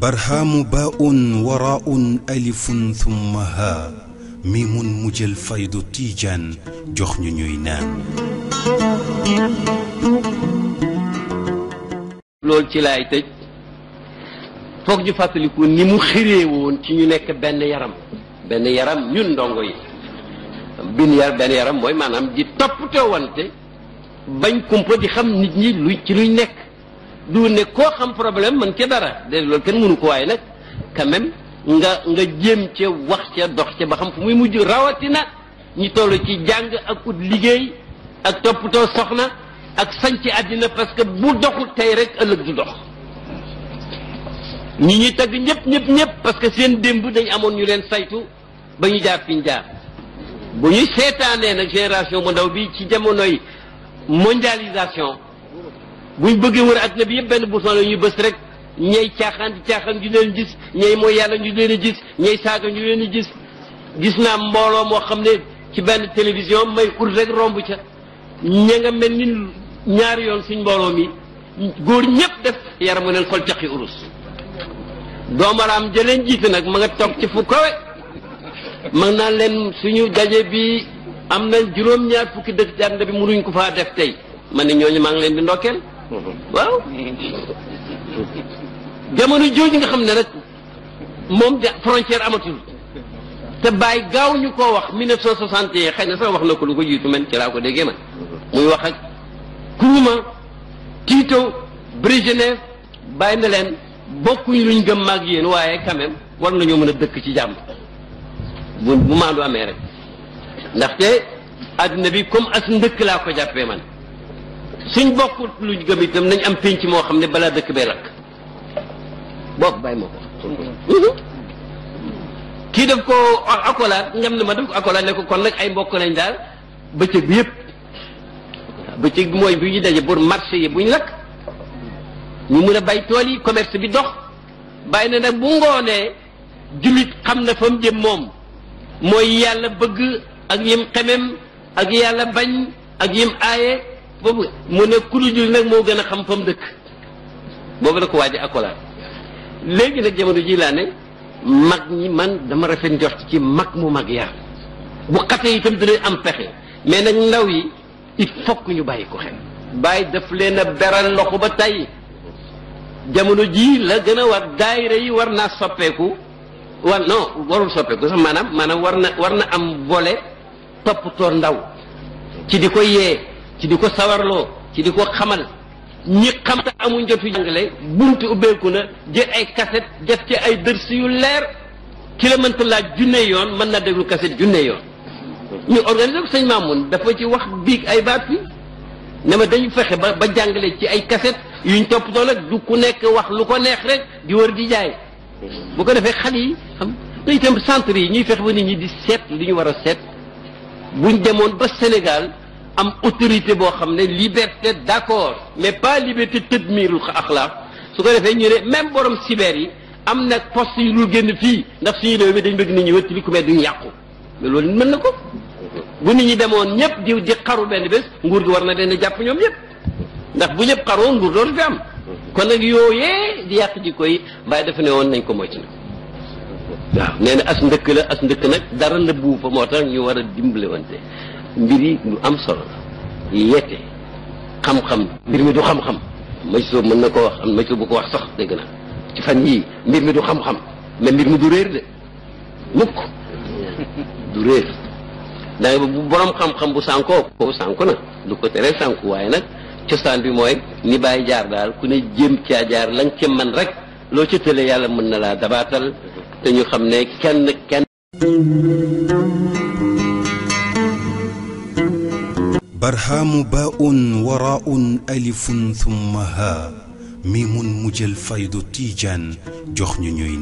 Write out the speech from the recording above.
barhaamu baa'un waraa'un alifun thumma haa miimun mu jël faydu tiijaan jox ñu ñuy naan. loolu ci laay tëj foog ñu fàttaliku ni mu xiree woon ci ñu nekk benn yaram benn yaram ñun ndongo yi bin yar yaram mooy maanaam di toppatoo wante. bañ kumpa di xam nit ñi lu ci luñ nekk du ne koo xam problème man ca dara de loolu kenn mënu ko waaye nag quand nga nga jéem ca wax ca dox ca ba xam fu muy mujj rawatina ñi toll ci jàng ak ut liggéey ak toppatoo soxna ak sañ ci àddina parce que bu doxul tey rek ëllëg du dox ñi ñuy tagg ñëpp ñëpp ñëpp parce que seen démb dañ amoon ñu leen saytu ba ñu jaar fi jaar bu ñu seetaanee nag génération bu ndaw bi ci jamonoy mondialisation buñ bëggee wër àddina bi yëpp benn bouton la ñuy bës rek ñay caaxaan di caaxaan ñu leen gis ñay mooy yàlla ñu leen a gis ñay saaga ñu leen gis gis naa mbooloo moo xam ne ci benn télévision may ut rek romb ca ña nga mel ni ñaari yoon suñ mbooloo mi góor ñëpp def yaram nga leen xol caqi urus doomaraam jëleen jiite nag ma nga toog ci fu kawe mag naa leen suñu daje bi am na juróom-ñaar fukki dëkk ci àdduna bi mënuñ ko faa def tey man ne ñooñu maa ngi leen di ndokkeel waaw jamono jooju nga xam ne nag moom de frontière amatul te bàyyi gaaw ñu koo wax 1961 xëy na sax wax na ko lu ko jiitu man ci laa ko déggee man muy wax ak Nkrumah Tito Brezhnev bàyyi na leen bokkuñu luñ gëm mag yéen waaye quand même war nañoo mën a dëkk ci jàmm bu bu maandu amee rek ndaxte àddina bi comme as ndëkk laa ko jàppee man suñ bokkut luñ gëm itam nañ am pénc moo xam ne balaa dëkk bee lakk boobu bàyyi ma ko kii daf ko akolaat ngam ne ma daf ko akolaat ko kon nag ay mbokk lañ daal bëccëg bi yëpp bëccëg bi mooy bi ñu daje pour bu ñu lakk ñu mun a bay commerce bi dox bàyyi na nag bu ngoonee jullit xam na fa mu jëm moom mooy yàlla bëgg ak yim xemem ak yàlla bañ ak yim aaye foofu mu ne ku dul julli nag moo gën a xam fa mu dëkk boobu la ko waaj a akolaat léegi nag jamono ji laa ne mag ñi man dama rafet njort ci mag mu mag yar bu xatee itam dinañ am pexe mais nag ndaw yi il faut ñu bàyyi ko xel bàyyi daf leen a beral loxo ba tay jamono ji la gën a war daayira yi war naa soppeeku war non warul soppeeku sax maanaam maanaam war na war na am volet toppatoo ndaw ci di ko yee ci di ko sawarloo ci di ko xamal ñi xam te amuñ jotu jàngale buntu ubbeeku na jël ay kaset def ci ay dërs yu leer ki la laaj junne yoon mën na déglu kaset junne yoon ñu organiser ko sëñ Mamoun dafa ci wax biig ay baat fi ne ma dañu fexe ba ba jàngale ci ay kaset yuñ toppatoo nag du ku nekk wax lu ko neex rek di wër di jaay bu ko defee xale yi xam te itam centre yi ñuy fexe ba nit ñi di seet li ñu war seet buñ demoon ba Sénégal am autorité boo xam ne liberté d'accord mais pas liberté ak axlaaq su ko defee ñu ne même borom cyber yi am nag poste yu dul génn fii ndax suñu réew mi dañ bëgg nit ñi wëttali ku mel duñ yàqu mais loolu mën na ko bu nit ñi demoon ñëpp di di xaru benn bés nguur gi war na leen jàpp ñoom ñëpp ndax bu ñëpp xaroo nguur dootu fi am kon nag yooyee di yàq jikko koy bàyyi dafa ne woon nañ ko moytu waaw nee na as ndëkk la as ndëkk nag dara la buub fa moo tax ñu war a dimbalewante mbir yi lu am solo la yette xam-xam mbir mi du xam-xam maj mën na koo wax am maj soob bu wax sax dégg ci fan yii mbir mi du xam-xam mbir mi du réer de mukk du réer danga bu borom xam-xam bu sànkoo ko sànku na du ko tere sànku waaye nag cosaan bi mooy ni bàyyi jaar daal ku ne jéem caa jaar lañ nga ca man rek loo ci tële yàlla mën na laa dabaatal te ñu xam ne kenn kenn. barhaamu baa'un waraa'un alifun thumma haa miimun mujjal faydu tiijaan jox ñu ñuy